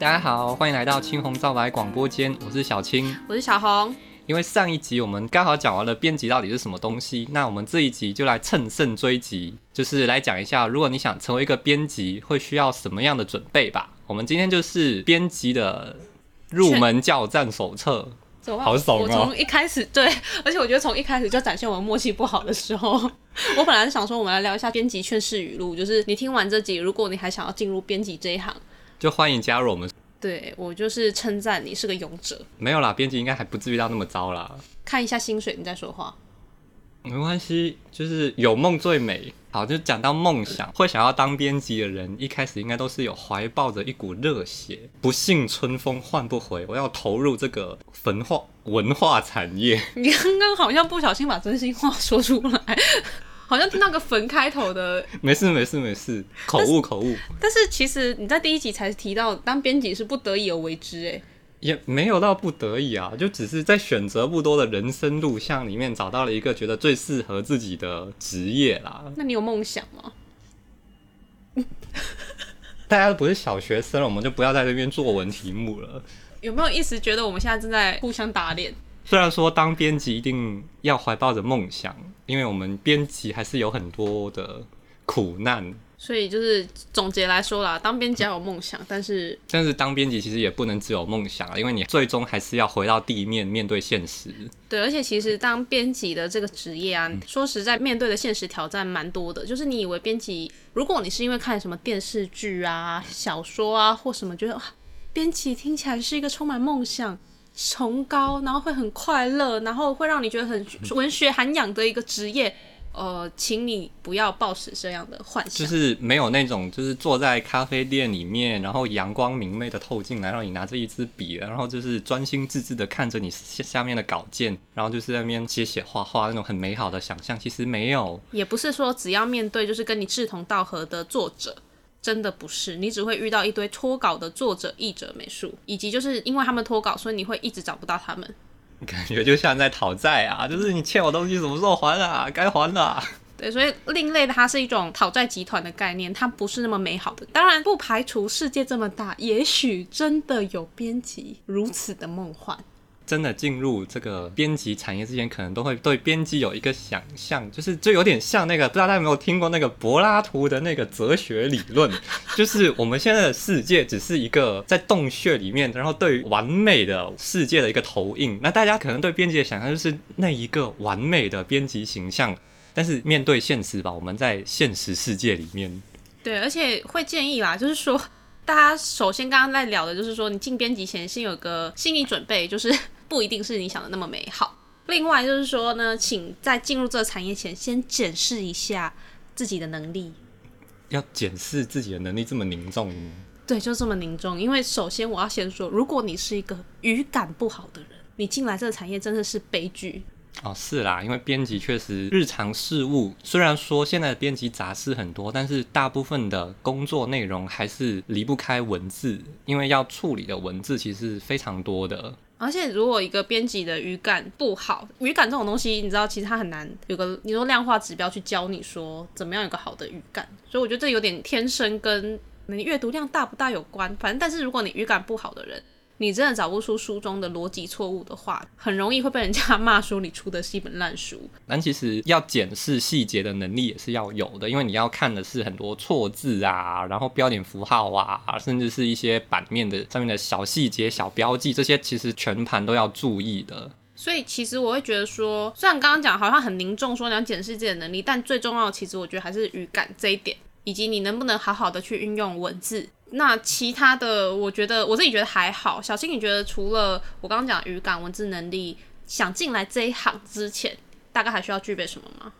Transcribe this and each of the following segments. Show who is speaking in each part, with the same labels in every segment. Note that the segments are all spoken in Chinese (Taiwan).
Speaker 1: 大家好，歡迎來到青紅皂白廣播間，我是小青，
Speaker 2: 我是小紅。
Speaker 1: 因為上一集我們剛好講完了編輯到底是什麼東西，那我們這一集就來乘勝追擊，就是來講一下，如果你想成為一個編輯，會需要什麼樣的準備吧？我們今天就是編輯的入門教戰手冊，
Speaker 2: 好慫哦、啊！我從一開始對，而且我覺得從一開始就展現我們默契不好的時候， 我本來是想說，我們來聊一下編輯勸世語錄，就是你聽完這集，如果你還想要進入編輯這一行。
Speaker 1: 就歡迎加入我們。
Speaker 2: 對，我就是稱讚你是個勇者。
Speaker 1: 沒有啦，編輯應該還不至於到那麼糟啦。
Speaker 2: 看一下薪水，你再說話。
Speaker 1: 沒關係，就是有夢最美。好，就講到夢想，會想要當編輯的人，一開始應該都是有懷抱着一股熱血。不信春風喚不回，我要投入這個焚化文化產業。你
Speaker 2: 剛剛好像不小心把真心話說出來。 好像那個“墳”開頭的，
Speaker 1: 沒事沒事沒事，是口誤口誤。
Speaker 2: 但是其實你在第一集才提到當編輯是不得已而為之，哎，
Speaker 1: 也沒有到不得已啊，就只是在選擇不多的人生路向裡面找到了一個覺得最適合自己的職業啦。
Speaker 2: 那你有夢想嗎？
Speaker 1: 大家都不是小學生了，我們就不要在這邊作文題目了。
Speaker 2: 有沒有意思覺得我們現在正在互相打臉？
Speaker 1: 雖然說當編輯一定要懷抱着夢想。因為我們編輯還是有很多的苦難，
Speaker 2: 所以就是總結來說啦，當編輯要有夢想，嗯、但是
Speaker 1: 但是當編輯其實也不能只有夢想啊，因為你最終還是要回到地面面對現實。
Speaker 2: 對，而且其實當編輯的這個職業啊，嗯、說實在，面對的現實挑戰蠻多的。就是你以為編輯，如果你是因為看什麼電視劇啊、小說啊或什麼，覺得編輯、啊、聽起來是一個充滿夢想。崇高，然後會很快樂，然後會讓你覺得很文學涵養的一個職業，呃，請你不要抱持這樣的幻想。
Speaker 1: 就是沒有那種，就是坐在咖啡店裡面，然後陽光明媚的透進來，讓你拿着一支筆，然後就是專心致志的看着你下面的稿件，然後就是在那邊寫寫畫畫，那種很美好的想象，其實沒有。
Speaker 2: 也不是說只要面對就是跟你志同道合的作者。真的不是，你只會遇到一堆脫稿的作者、譯者、美術，以及就是因為他們脫稿，所以你會一直找不到他們。
Speaker 1: 感覺就像在討債啊，就是你欠我東西，什麼時候還啊？該還的啊。
Speaker 2: 對，所以另類的它是一種討債集團的概念，它不是那麼美好的。當然，不排除世界這麼大，也許真的有編輯如此的夢幻。
Speaker 1: 真的進入這個編輯產業之前，可能都會對編輯有一個想象，就是就有點像那個，不知道大家有沒有聽過那個柏拉圖的那個哲學理論， 就是我們現在的世界只是一個在洞穴裡面，然後對於完美的世界的一個投影。那大家可能對編輯的想象，就是那一個完美的編輯形象，但是面對現實吧，我們在現實世界裡面，
Speaker 2: 對，而且會建議啦，就是說大家首先剛剛在聊的就是說，你進編輯前先有個心理準備，就是。不一定是你想的那麼美好。另外就是說呢，請在進入這個產業前，先檢視一下自己的能力。
Speaker 1: 要檢視自己的能力，這麼凝重？
Speaker 2: 對，就這麼凝重。因為首先我要先說，如果你是一個語感不好的人，你進來這個產業真的是悲劇。
Speaker 1: 哦，是啦，因為編輯確實日常事務，雖然說現在的編輯雜事很多，但是大部分的工作內容還是離不開文字，因為要處理的文字其實是非常多的。
Speaker 2: 而且，如果一個編輯的語感不好。語感這種東西，你知道，其實它很難有個你說量化指標去教你說怎麼樣有個好的語感。所以我覺得這有點天生跟你，嗯，閱讀量大不大有關。反正，但是如果你語感不好的人，你真的找不出書中的邏輯錯誤的話，很容易會被人家罵說你出的是一本爛書。
Speaker 1: 但其實要檢視細節的能力也是要有的，因為你要看的是很多錯字啊，然後標點符號啊，甚至是一些版面的上面的小細節、小標記，這些其實全盤都要注意的。
Speaker 2: 所以其實我會覺得說，雖然剛剛講好像很凝重，說你要檢視自己的能力，但最重要的其實我覺得還是語感這一點，以及你能不能好好的去運用文字。那其他的，我覺得我自己覺得還好。小青，你覺得除了我剛剛講的語感、文字能力，想進來這一行之前，大概還需要具備什麼嗎？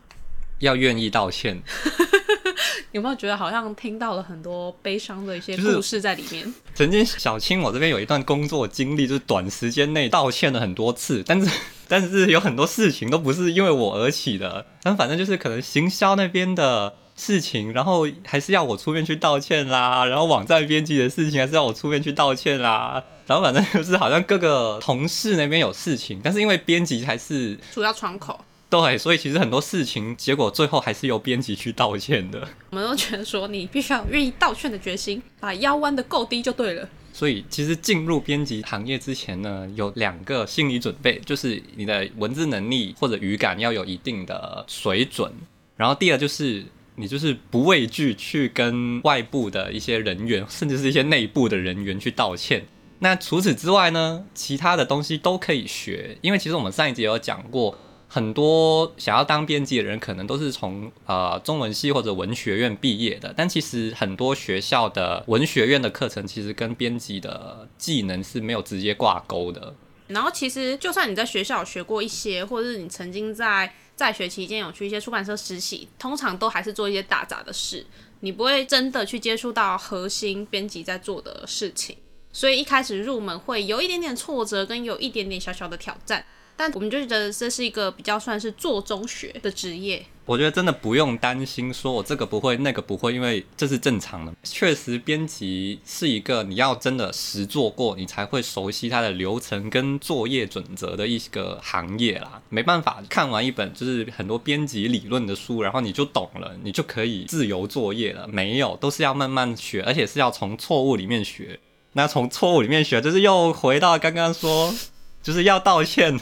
Speaker 1: 要願意道歉。
Speaker 2: 有沒有覺得好像聽到了很多悲傷的一些故事在裡面？
Speaker 1: 曾經，小青，我這邊有一段工作經歷，就是短時間內道歉了很多次，但是但是有很多事情都不是因為我而起的。但反正就是可能行銷那邊的事情，然後還是要我出面去道歉啦。然後網站編輯的事情，還是要我出面去道歉啦。然後反正就是好像各個同事那邊有事情，但是因為編輯還是
Speaker 2: 主要窗口，
Speaker 1: 對，所以其實很多事情結果最後還是由編輯去道歉的。
Speaker 2: 我們都覺得說，你必須要有願意道歉的決心，把腰彎的夠低就對了。
Speaker 1: 所以其實進入編輯行業之前呢，有兩個心理準備，就是你的文字能力或者語感要有一定的水準。然後第二就是。你就是不畏懼去跟外部的一些人員，甚至是一些內部的人員去道歉。那除此之外呢，其他的東西都可以學，因為其實我們上一集有講過，很多想要當編輯的人，可能都是從呃中文系或者文學院畢業的。但其實很多學校的文學院的課程，其實跟編輯的技能是沒有直接掛鈎的。
Speaker 2: 然後，其實就算你在學校學過一些，或者是你曾經在在學期間有去一些出版社實習，通常都還是做一些打雜的事，你不會真的去接觸到核心編輯在做的事情，所以一開始入門會有一點點挫折，跟有一點點小小的挑戰。但我們就覺得這是一個比較算是做中學的職業。
Speaker 1: 我覺得真的不用擔心，說我這個不會，那個不會，因為這是正常的。確實，編輯是一個你要真的實做過，你才會熟悉它的流程跟作業準則的一個行業啦。沒辦法，看完一本就是很多編輯理論的書，然後你就懂了，你就可以自由作業了。沒有，都是要慢慢學，而且是要從錯誤裡面學。那從錯誤裡面學，就是又回到剛剛說，就是要道歉。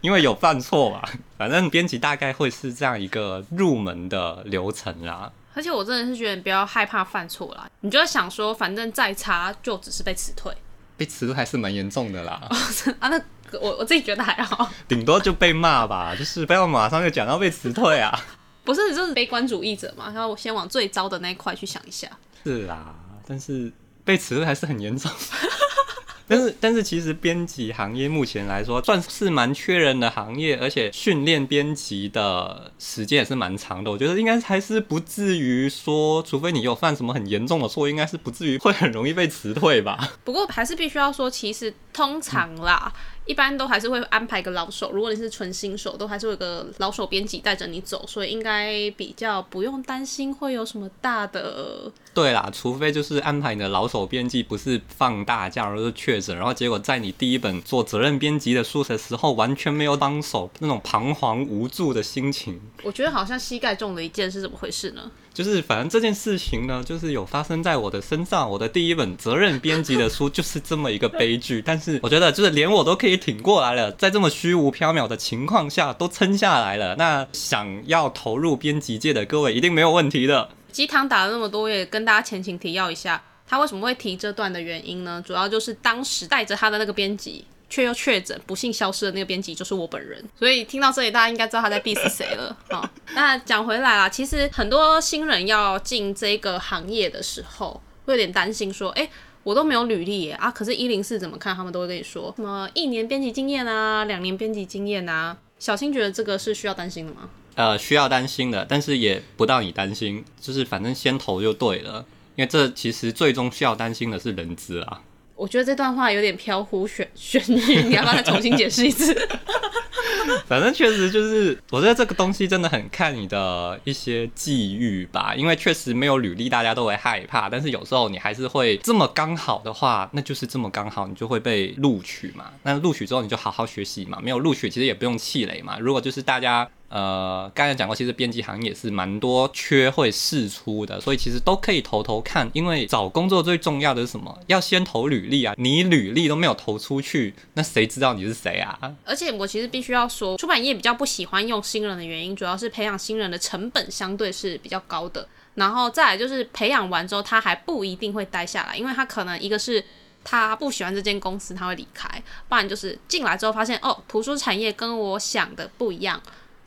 Speaker 1: 因為有犯錯嘛，反正編輯大概會是這樣一個入門的流程啦。
Speaker 2: 而且我真的是覺得你不要害怕犯錯啦，你就想說，反正再差就只是被辭退。
Speaker 1: 被辭退還是蠻嚴重的啦。
Speaker 2: 啊，那我我自己覺得還好，
Speaker 1: 頂多就被罵吧，就是不要馬上就講到被辭退啊。
Speaker 2: 不是，就是悲觀主義者嘛？然後我先往最糟的那一塊去想一下。
Speaker 1: 是啦，但是被辭退還是很嚴重。 但是，但是其實編輯行業目前來說算是蠻缺人的行業，而且訓練編輯的時間也是蠻長的。我覺得應該還是不至於說，除非你有犯什麼很嚴重的錯，應該是不至於會很容易被辭退吧？
Speaker 2: 不過還是必須要說，其實通常啦。嗯一般都還是會安排個老手，如果你是純新手，都還是會有個老手編輯帶着你走，所以應該比較不用擔心會有什麼大的。
Speaker 1: 對啦，除非就是安排你的老手編輯不是放大假，而是確診，然後結果在你第一本做責任編輯的書的時候完全沒有幫手，那種彷徨無助的心情。
Speaker 2: 我覺得好像膝蓋中了一箭是怎麼回事呢？
Speaker 1: 就是，反正這件事情呢，就是有發生在我的身上。我的第一本責任編輯的書就是這麼一個悲劇。 但是我覺得，就是連我都可以挺過來了，在這麼虛無縹緲的情況下都撐下來了。那想要投入編輯界的各位，一定沒有問題的。
Speaker 2: 雞湯打了那麼多，也跟大家前情提要一下，他為什麼會提這段的原因呢？主要就是當時帶着他的那個編輯。卻又確診，不幸消失的那個編輯就是我本人，所以聽到這裡，大家應該知道他在逼死誰了、 哦、那講回來了，其實很多新人要進這個行業的時候，會有點擔心，說：“哎，我都沒有履歷耶啊。”可是，一零四怎麼看，他們都會跟你說：“什麼一年編輯經驗啊，兩年編輯經驗啊。”小新覺得這個是需要擔心的嗎？
Speaker 1: 呃，需要擔心的，但是也不到你擔心，就是反正先投就對了，因為這其實最終需要擔心的是人資啊。
Speaker 2: 我覺得這段話有點飄忽玄玄虛，你要不要再重新解釋一次？
Speaker 1: 反正確實就是，我覺得這個東西真的很看你的一些際遇吧，因為確實沒有履歷，大家都會害怕。但是有時候你還是會這麼剛好的話，那就是這麼剛好，你就會被錄取嘛。那錄取之後你就好好學習嘛。沒有錄取其實也不用氣餒嘛。如果就是大家。呃，剛才講過，其實編輯行業是蠻多缺會釋出的，所以其實都可以投投看。因為找工作最重要的是什麼？要先投履歷啊！你履歷都沒有投出去，那誰知道你是誰啊？
Speaker 2: 而且我其實必須要說，出版業比較不喜歡用新人的原因，主要是培養新人的成本相對是比較高的。然後再來就是培養完之後，他還不一定會待下來，因為他可能一個是他不喜歡這間公司，他會離開，不然就是進來之後發現，哦，圖書產業跟我想的不一樣。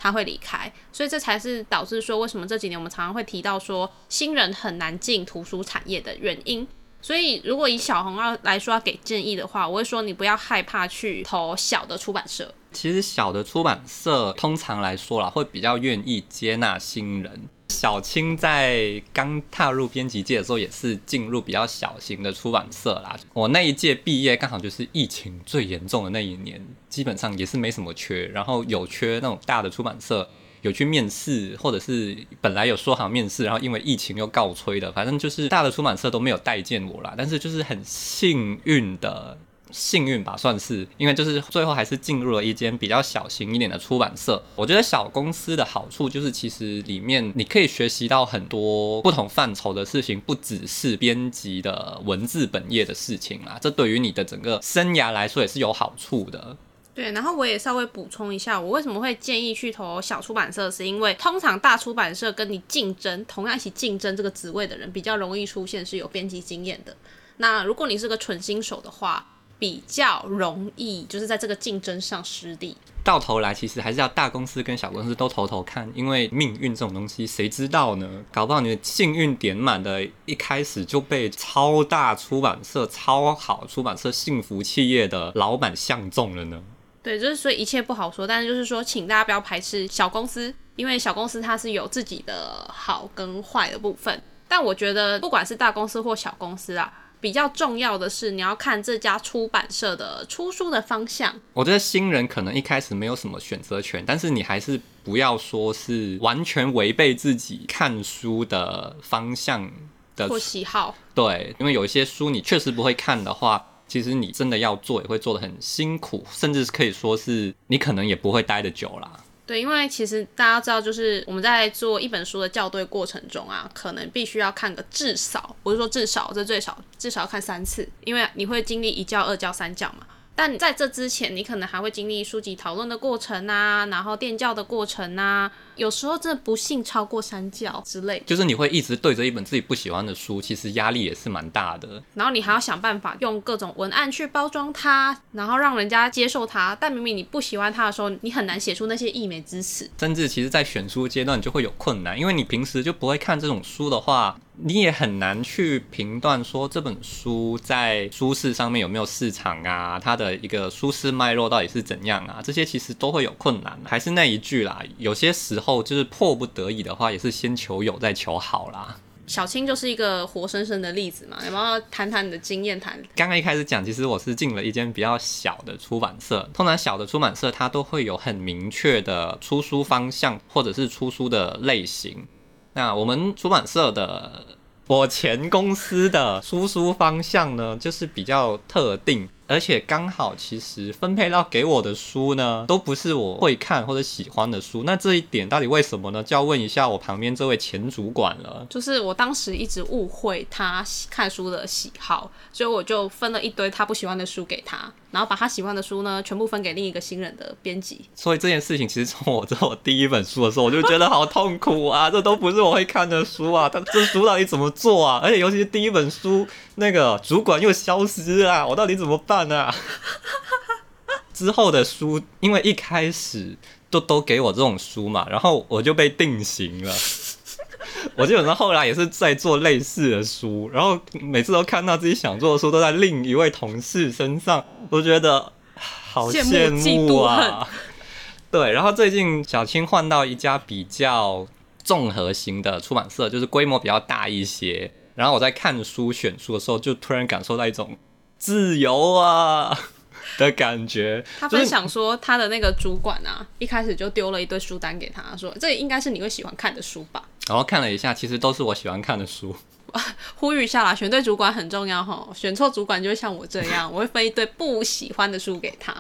Speaker 2: 他會離開，所以這才是導致說為什麼這幾年我們常常會提到說新人很難進圖書產業的原因。所以如果以小紅帽來說要給建議的話，我會說，你不要害怕去投小的出版社。
Speaker 1: 其實小的出版社通常來說啦，會比較願意接納新人。小青在剛踏入編輯界的時候，也是進入比較小型的出版社啦。我那一屆畢業剛好就是疫情最嚴重的那一年，基本上也是沒什麼缺。然後有缺那種大的出版社，有去面試，或者是本來有說好面試，然後因為疫情又告吹的。反正就是大的出版社都沒有待見我啦。但是就是很幸運的。幸運吧，算是，因為就是最後還是進入了一間比較小型一點的出版社。我覺得小公司的好處就是，其實裡面你可以學習到很多不同範疇的事情，不只是編輯的文字本業的事情啦。這對於你的整個生涯來說也是有好處的。
Speaker 2: 對，然後我也稍微補充一下，我為什麼會建議去投小出版社，是因為通常大出版社跟你競爭，同樣一起競爭這個職位的人，比較容易出現是有編輯經驗的。那如果你是個純新手的話，比較容易，就是在這個競爭上失利。
Speaker 1: 到頭來，其實還是要大公司跟小公司都投投看，因為命運這種東西，誰知道呢？搞不好你的幸運點滿的，一開始就被超大出版社、超好出版社、幸福企業的老闆相中了呢。
Speaker 2: 對，就是所以一切不好說。但是就是說，請大家不要排斥小公司，因為小公司它是有自己的好跟壞的部分。但我覺得，不管是大公司或小公司啊。比較重要的是，你要看這家出版社的出書的方向。
Speaker 1: 我覺得新人可能一開始沒有什麼選擇權，但是你還是不要說是完全違背自己看書的方向的或喜好。對，因為有一些書你確實不會看的話，其實你真的要做也會做得很辛苦，甚至是可以說是你可能也不會待得久啦。
Speaker 2: 對，因為其實大家都知道，就是我們在做一本書的校對過程中啊，可能必須要看個至少，不是說至少，這最少至少要看三次，因為你會經歷一校、二校、三校嘛。但在這之前，你可能還會經歷書籍討論的過程啊，然後電校的過程啊，有時候真的不幸超過三校之類，就
Speaker 1: 是你會一直對着一本自己不喜歡的書，其實壓力也是蠻大的。
Speaker 2: 然後你還要想辦法用各種文案去包裝它，然後讓人家接受它。但明明你不喜歡它的時候，你很難寫出那些溢美之詞。
Speaker 1: 甚至其實，在選書階段就會有困難，因為你平時就不會看這種書的話。你也很難去評斷說這本書在書市上面有沒有市場啊，它的一個書市脈絡到底是怎樣啊？這些其實都會有困難。還是那一句啦，有些時候就是迫不得已的話，也是先求有再求好啦。
Speaker 2: 小青就是一個活生生的例子嘛，有沒有要談談你的經驗談。剛
Speaker 1: 剛一開始講，其實我是進了一間比較小的出版社。通常小的出版社它都會有很明確的出書方向，或者是出書的類型。那我們出版社的，我前公司的出書方向呢，就是比較特定，而且剛好其實分配到給我的書呢，都不是我會看或者喜歡的書。那這一點到底為什麼呢？就要問一下我旁邊這位前主管了。
Speaker 2: 就是我當時一直誤會他看書的喜好，所以我就分了一堆他不喜歡的書給他。然後把他喜歡的書呢，全部分給另一個新人的編輯。
Speaker 1: 所以這件事情其實從我做第一本書的時候，我就覺得好痛苦啊！ 這都不是我會看的書啊！他這書到底怎麼做啊？而且尤其是第一本書，那個主管又消失啊！我到底怎麼辦啊？ 之後的書，因為一開始都都給我這種書嘛，然後我就被定型了。 我基本上後來也是在做類似的書，然後每次都看到自己想做的書都在另一位同事身上，都覺得好羨慕啊。羨慕嫉妒恨。對，然後最近小青換到一家比較綜合型的出版社，就是規模比較大一些。然後我在看書選書的時候，就突然感受到一種自由啊的感覺。他分享
Speaker 2: 說，他的那個主管啊，一開始就丟了一堆書單給他說：“這應該是你會喜歡看的書吧。”
Speaker 1: 然後看了一下，其實都是我喜歡看的書。
Speaker 2: 呼籲一下啦，選對主管很重要哈，選錯主管就會像我這樣，我會分一堆不喜歡的書給他。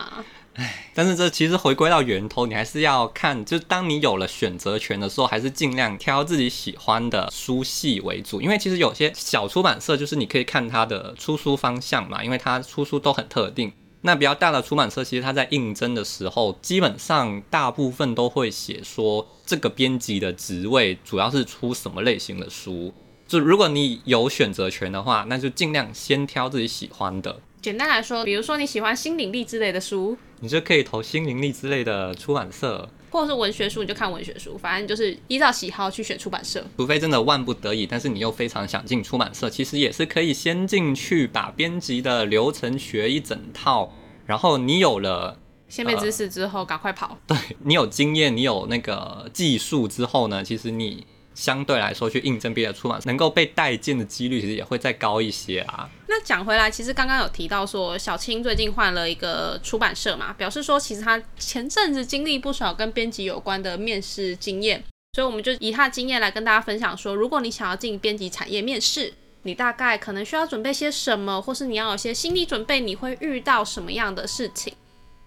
Speaker 1: 唉，但是這其實回歸到源頭，你還是要看，就當你有了選擇權的時候，還是儘量挑自己喜歡的書系為主，因為其實有些小出版社就是你可以看它的出書方向嘛，因為它出書都很特定。那比較大的出版社，其實它在應徵的時候，基本上大部分都會寫說，這個編輯的職位主要是出什麼類型的書。就如果你有選擇權的話，那就盡量先挑自己喜歡的。
Speaker 2: 簡單來說，比如說你喜歡心靈力之類的書，
Speaker 1: 你就可以投心靈力之類的出版社。
Speaker 2: 或者是文學書，你就看文學書，反正就是依照喜好去選出版社。
Speaker 1: 除非真的萬不得已，但是你又非常想進出版社，其實也是可以先進去把編輯的流程學一整套，然後你有了
Speaker 2: 先備知識之後，呃、趕快跑。對，
Speaker 1: 你有經驗，你有那個技術之後呢，其實你。相對來說，去應徵別的出版社，能夠被待見的幾率其實也會再高一些啊。
Speaker 2: 那講回來，其實剛剛有提到說，小青最近換了一個出版社嘛，表示說其實他前陣子經歷不少跟編輯有關的面試經驗，所以我們就以他的經驗來跟大家分享說，如果你想要進編輯產業面試，你大概可能需要準備些什麼，或是你要有些心理準備，你會遇到什麼樣的事情。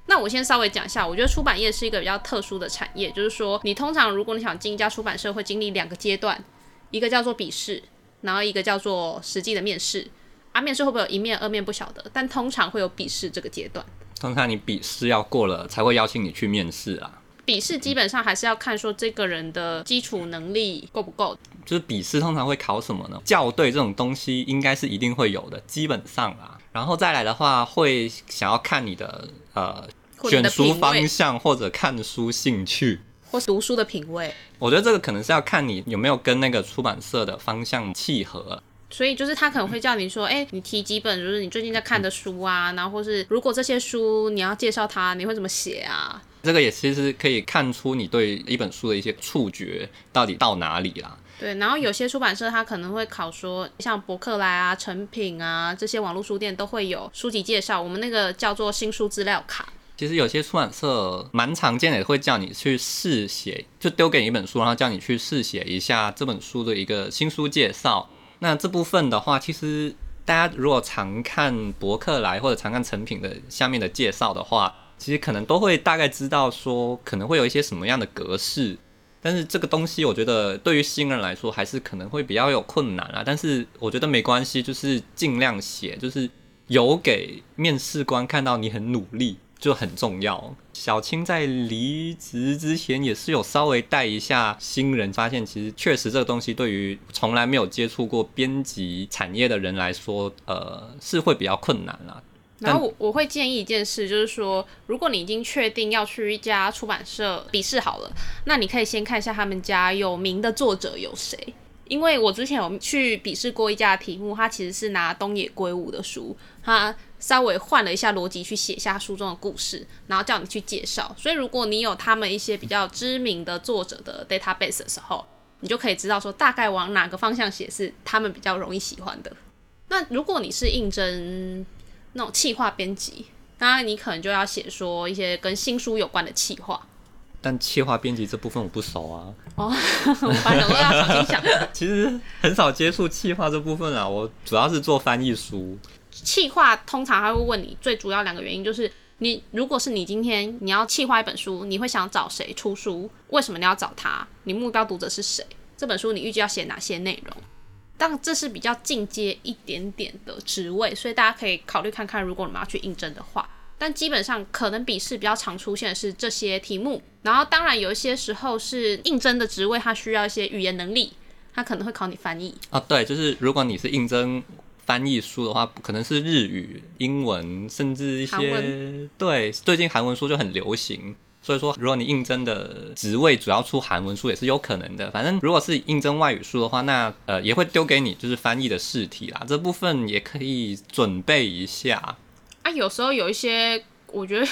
Speaker 2: 那我先稍微講一下，我覺得出版業是一個比較特殊的產業，就是說，你通常如果你想進一家出版社，會經歷兩個階段，一個叫做筆試，然後一個叫做實際的面試。啊，面試會不會有一面、二面不曉得，但通常會有筆試這個階段。
Speaker 1: 通常你筆試要過了，才會邀請你去面試啊。
Speaker 2: 筆試基本上還是要看說這個人的基礎能力夠不夠。就
Speaker 1: 是筆試通常會考什麼呢？校對這種東西應該是一定會有的，基本上啊。然後再來的話，會想要看你的呃，的選書方向，或者看書興趣，
Speaker 2: 或是讀書的品味。
Speaker 1: 我覺得這個可能是要看你有沒有跟那個出版社的方向契合。
Speaker 2: 所以就是他可能會叫你說，哎、嗯欸，你提幾本就是你最近在看的書啊，嗯、然後或是如果這些書你要介紹它，你會怎麼寫啊？
Speaker 1: 這個也其實可以看出你對一本書的一些觸覺到底到哪裡了。
Speaker 2: 對，然後有些出版社它可能會考說，像博客來啊、誠品啊，這些網絡書店都會有書籍介紹，我們那個叫做新書資料卡。
Speaker 1: 其實有些出版社蠻常見的，也會叫你去試寫，就丟給你一本書，然後叫你去試寫一下這本書的一個新書介紹。那這部分的話，其實大家如果常看博客來或者常看誠品的下面的介紹的話，其實可能都會大概知道說，可能會有一些什麼樣的格式。但是這個東西，我覺得對於新人來說，還是可能會比較有困難啊。但是我覺得沒關係，就是盡量寫，就是有給面試官看到你很努力就很重要。小青在離職之前也是有稍微帶一下新人，發現其實確實這個東西對於從來沒有接觸過編輯產業的人來說，呃，是會比較困難啊。
Speaker 2: 然後我，我會建議一件事，就是說，如果你已經確定要去一家出版社筆試好了，那你可以先看一下他們家有名的作者有誰。因為我之前有去筆試過一家題目，他其實是拿東野圭吾的書，他稍微換了一下邏輯去寫下書中的故事，然後叫你去介紹。所以如果你有他們一些比較知名的作者的 database 的時候，你就可以知道說大概往哪個方向寫是他們比較容易喜歡的。那如果你是應徵，那種企劃編輯，當然你可能就要寫說一些跟新書有關的企劃。
Speaker 1: 但企劃編輯這部分我不熟啊。哦，呵呵我反正都要重新想。 其實很少接觸企劃這部分啊，我主要是做翻譯書。
Speaker 2: 企劃通常還會問你最主要兩個原因，就是你如果是你今天你要企劃一本書，你會想找誰出書？為什麼你要找他？你目標讀者是誰？這本書你預計要寫哪些內容？但這是比較進階一點點的職位，所以大家可以考慮看看，如果你們要去應徵的話。但基本上可能筆試比較常出現的是這些題目。然後當然有一些時候是應徵的職位，它需要一些語言能力，它可能會考你翻譯
Speaker 1: 啊。對，就是如果你是應徵翻譯書的話，可能是日語、英文，甚至一些韓文。對，最近韓文書就很流行。所以說，如果你應徵的職位主要出韓文書也是有可能的。反正如果是應徵外語書的話，那呃也會丟給你就是翻譯的試題啦，這部分也可以準備一下。
Speaker 2: 啊，有時候有一些，我覺得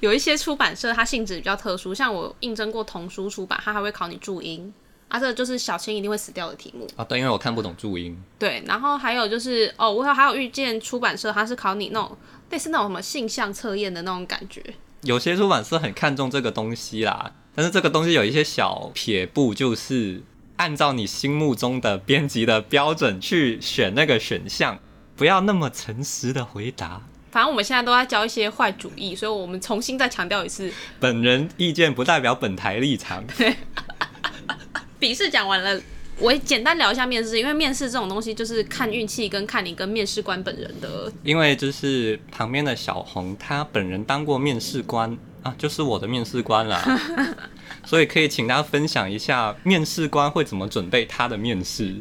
Speaker 2: 有一些出版社它性質比較特殊，像我應徵過童書出版，它還會考你注音，啊，這就是小青一定會死掉的題目
Speaker 1: 啊。對，因為我看不懂注音。
Speaker 2: 對，然後還有就是，哦，我還有遇見出版社，它是考你那種類似那種什麼性向測驗的那種感覺。
Speaker 1: 有些出版社很看重這個東西啦，但是這個東西有一些小撇步，就是按照你心目中的編輯的標準去選那個選項，不要那麼誠實的回答。反
Speaker 2: 正我們現在都在教一些壞主意，所以我們重新再強調一次：
Speaker 1: 本人意見不代表本台立場。
Speaker 2: 筆試講完了。我也簡單聊一下面試，因為面試這種東西就是看運氣跟看你跟面試官本人的。
Speaker 1: 因為就是旁邊的小紅，她本人當過面試官啊，就是我的面試官啦。 所以可以請他分享一下面試官會怎麼準備他的面試。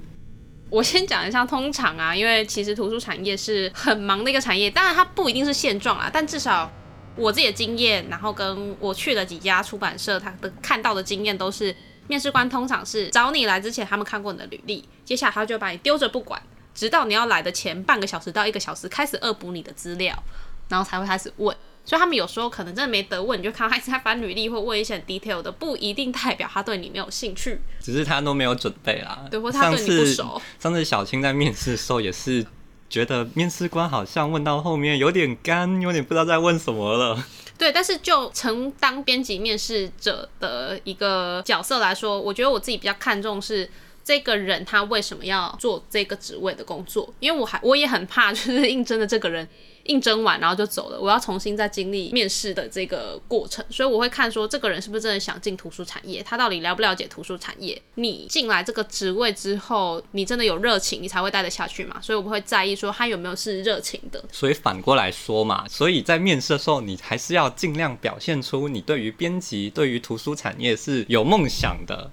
Speaker 2: 我先講一下，通常啊，因為其實圖書產業是很忙的一個產業，當然它不一定是現狀啊，但至少我自己的經驗，然後跟我去了幾家出版社，他的看到的經驗都是。面試官通常是找你來之前，他們看過你的履歷，接下來他就把你丟着不管，直到你要來的前半個小時到一個小時開始惡補你的資料，然後才會開始問。所以他們有時候可能真的沒得問，你就看還是他翻履歷或問一些 detail 的，不一定代表他對你沒有興趣，
Speaker 1: 只是他都沒有準備啦。對，或他對你不熟。上次，上次小青在面試的時候也是覺得面試官好像問到後面有點乾，有點不知道在問什麼了。
Speaker 2: 對，但是就成當編輯面試者的一個角色來說，我覺得我自己比較看重是這個人他為什麼要做這個職位的工作，因為我還我也很怕就是應徵的這個人。應徵完然後就走了，我要重新再經歷面試的這個過程，所以我會看說這個人是不是真的想進圖書產業，他到底了不了解圖書產業？你進來這個職位之後，你真的有熱情，你才會待得下去嘛，所以我不會在意說他有沒有是熱情的。
Speaker 1: 所以反過來說嘛，所以在面試的時候，你還是要盡量表現出你對於編輯、對於圖書產業是有夢想的。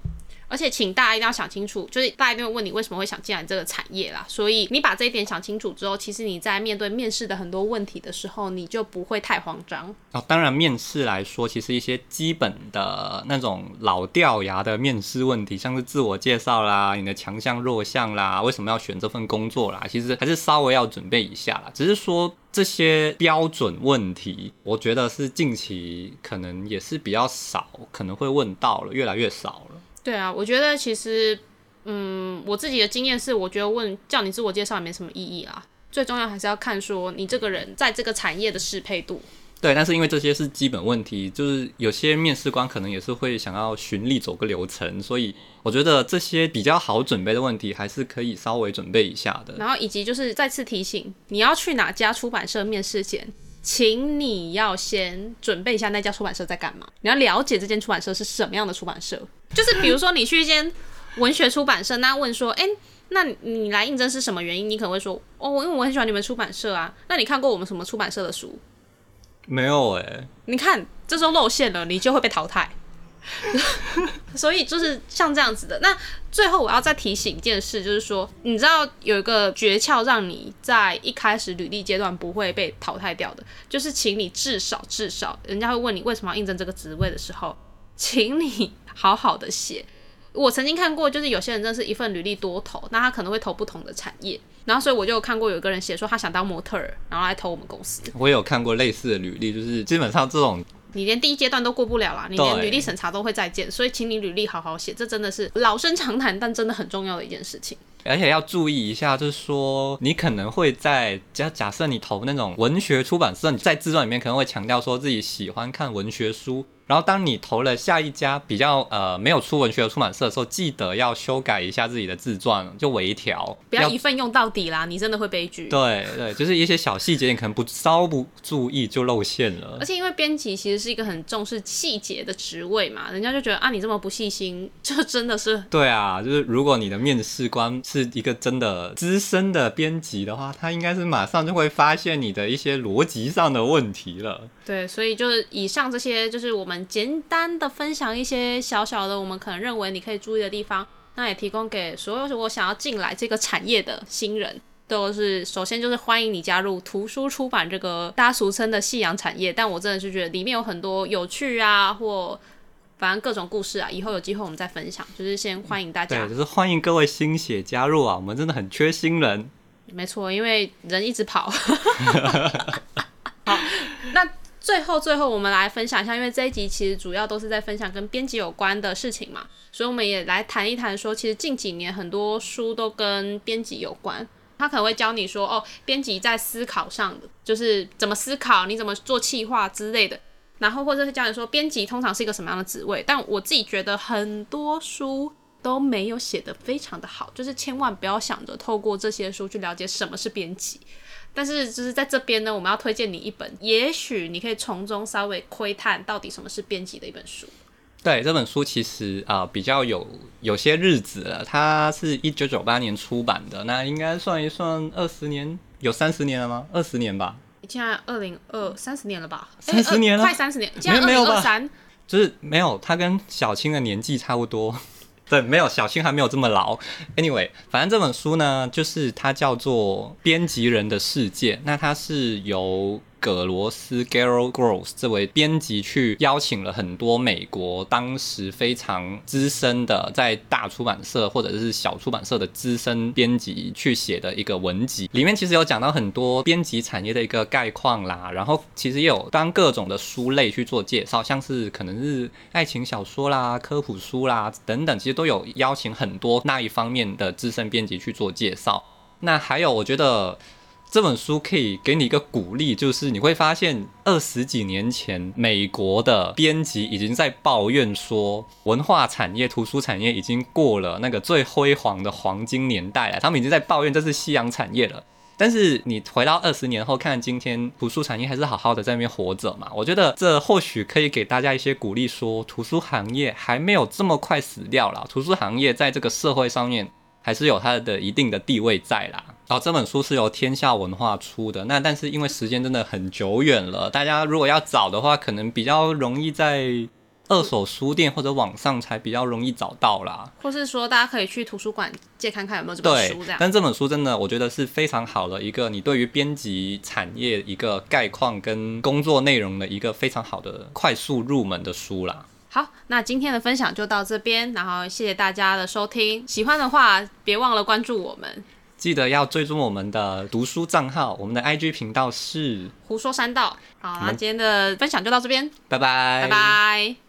Speaker 2: 而且，請大家一定要想清楚，就是大家一定會問你為什麼會想進來這個產業啦，所以你把這一點想清楚之後，其實你在面對面試的很多問題的時候，你就不會太慌張。
Speaker 1: 哦，當然，面試來說，其實一些基本的那種老掉牙的面試問題，像是自我介紹啦、你的強項弱項啦、為什麼要選這份工作啦，其實還是稍微要準備一下啦。只是說這些標準問題，我覺得是近期可能也是比較少，可能會問到了，越來越少了。
Speaker 2: 對啊，我覺得其實，嗯，我自己的經驗是，我覺得問叫你自我介紹也沒什麼意義啊。最重要還是要看說你這個人在這個產業的適配度。
Speaker 1: 對，但是因為這些是基本問題，就是有些面試官可能也是會想要循例走個流程，所以我覺得這些比較好準備的問題還是可以稍微準備一下的。
Speaker 2: 然後以及就是再次提醒，你要去哪家出版社面試前，請你要先準備一下那家出版社在幹嘛，你要了解這間出版社是什麼樣的出版社。就是比如說，你去一間文學出版社，那問說：“哎、欸，那你來應徵是什麼原因？”你可能會說：“哦，因為我很喜歡你們出版社啊。”那你看過我們什麼出版社的書？
Speaker 1: 沒有哎、
Speaker 2: 欸。你看，這時候露餡了，你就會被淘汰。 所以就是像這樣子的。那最後我要再提醒一件事，就是說，你知道有一個訣竅，讓你在一開始履歷階段不會被淘汰掉的，就是請你至少至少，人家會問你為什麼要應徵這個職位的時候。請你好好的寫。我曾經看過，就是有些人真的是一份履歷多投，那他可能會投不同的產業。然後，所以我就有看過有個人寫說他想當模特兒，然後來投我們公司。
Speaker 1: 我有看過類似的履歷，就是基本上這種，
Speaker 2: 你連第一階段都過不了啦，你連履歷審查都會再見。對所以，請你履歷好好寫，這真的是老生常談，但真的很重要的一件事情。
Speaker 1: 而且要注意一下，就是說你可能會在假假設你投那種文學出版社，在自傳裡面可能會強調說自己喜歡看文學書。然後，當你投了下一家比較呃沒有出文學的出版社的時候，記得要修改一下自己的自傳，就微一條，不要一
Speaker 2: 份用到底啦，較你真的會悲劇。
Speaker 1: 對對，就是一些小細節，你可能不稍不注意就露餡了。而且，
Speaker 2: 因為編輯其實是一個很重視細節的職位嘛，人家就覺得啊，你這麼不細心，這真的是。
Speaker 1: 對啊，就是如果你的面試官是一個真的資深的編輯的話，他應該是馬上就會發現你的一些邏輯上的問題了。
Speaker 2: 對，所以就是以上這些，就是我們簡單的分享一些小小的，我們可能認為你可以注意的地方。那也提供給所有我想要進來這個產業的新人，都是首先就是歡迎你加入圖書出版這個大家俗稱的夕陽產業。但我真的是覺得裡面有很多有趣啊，或反正各種故事啊，以後有機會我們再分享。就是先歡迎大家，對，就
Speaker 1: 是歡迎各位新血加入啊，我們真的很缺新人。
Speaker 2: 沒錯，因為人一直跑。 好，那。 最後，最後我們來分享一下，因為這一集其實主要都是在分享跟編輯有關的事情嘛，所以我們也來談一談，說其實近幾年很多書都跟編輯有關，他可能會教你說，哦，編輯在思考上的，就是怎麼思考，你怎麼做企劃之類的，然後或者是教你說，編輯通常是一個什麼樣的職位，但我自己覺得很多書都沒有寫得非常的好，就是千萬不要想着透過這些書去了解什麼是編輯。但是，就是在這邊呢，我們要推薦你一本，也許你可以從中稍微窺探到底什麼是編輯的一本書。
Speaker 1: 對，這本書其實啊、呃，比較有有些日子了，它是一九九八年出版的，那應該算一算二十年，有三十年了嗎？二十年吧，
Speaker 2: 現在二零二三十年了吧？三十年了，快三十年沒，沒有吧？就
Speaker 1: 是沒有，它跟小青的年紀差不多。對，沒有，小新還沒有這麼老。Anyway，反正這本書呢，就是它叫做《編輯人的世界》，那它是由，葛羅斯 g a r a l d Gross） 這位編輯去邀請了很多美國當時非常資深的，在大出版社或者是小出版社的資深編輯去寫的一個文集，裡面其實有講到很多編輯產業的一個概況啦，然後其實也有當各種的書類去做介紹，像是可能是愛情小說啦、科普書啦等等，其實都有邀請很多那一方面的資深編輯去做介紹。那還有，我覺得。這本書可以給你一個鼓勵，就是你會發現，二十幾年前美國的編輯已經在抱怨說，文化產業、圖書產業已經過了那個最輝煌的黃金年代了。他們已經在抱怨這是夕陽產業了。但是你回到二十年後看，今天圖書產業還是好好的在那邊活着嘛。我覺得這或許可以給大家一些鼓勵說，說圖書行業還沒有這麼快死掉了。圖書行業在這個社會上面還是有它的一定的地位在啦。好，哦，這本書是由天下文化出的。那但是因為時間真的很久遠了，大家如果要找的話，可能比較容易在二手書店或者網上才比較容易找到啦。
Speaker 2: 或是說大家可以去圖書館借看看有沒有這本書對這樣。但
Speaker 1: 這本書真的，我覺得是非常好的一個你對於編輯產業一個概況跟工作內容的一個非常好的快速入門的書啦。
Speaker 2: 好，那今天的分享就到這邊，然後謝謝大家的收聽。喜歡的話，別忘了關注我們。
Speaker 1: 記得要追蹤我們的讀書賬號，我們的 IG 頻道是
Speaker 2: 狐說三道。好，嗯、那今天的分享就到這邊，
Speaker 1: 拜拜，拜
Speaker 2: 拜。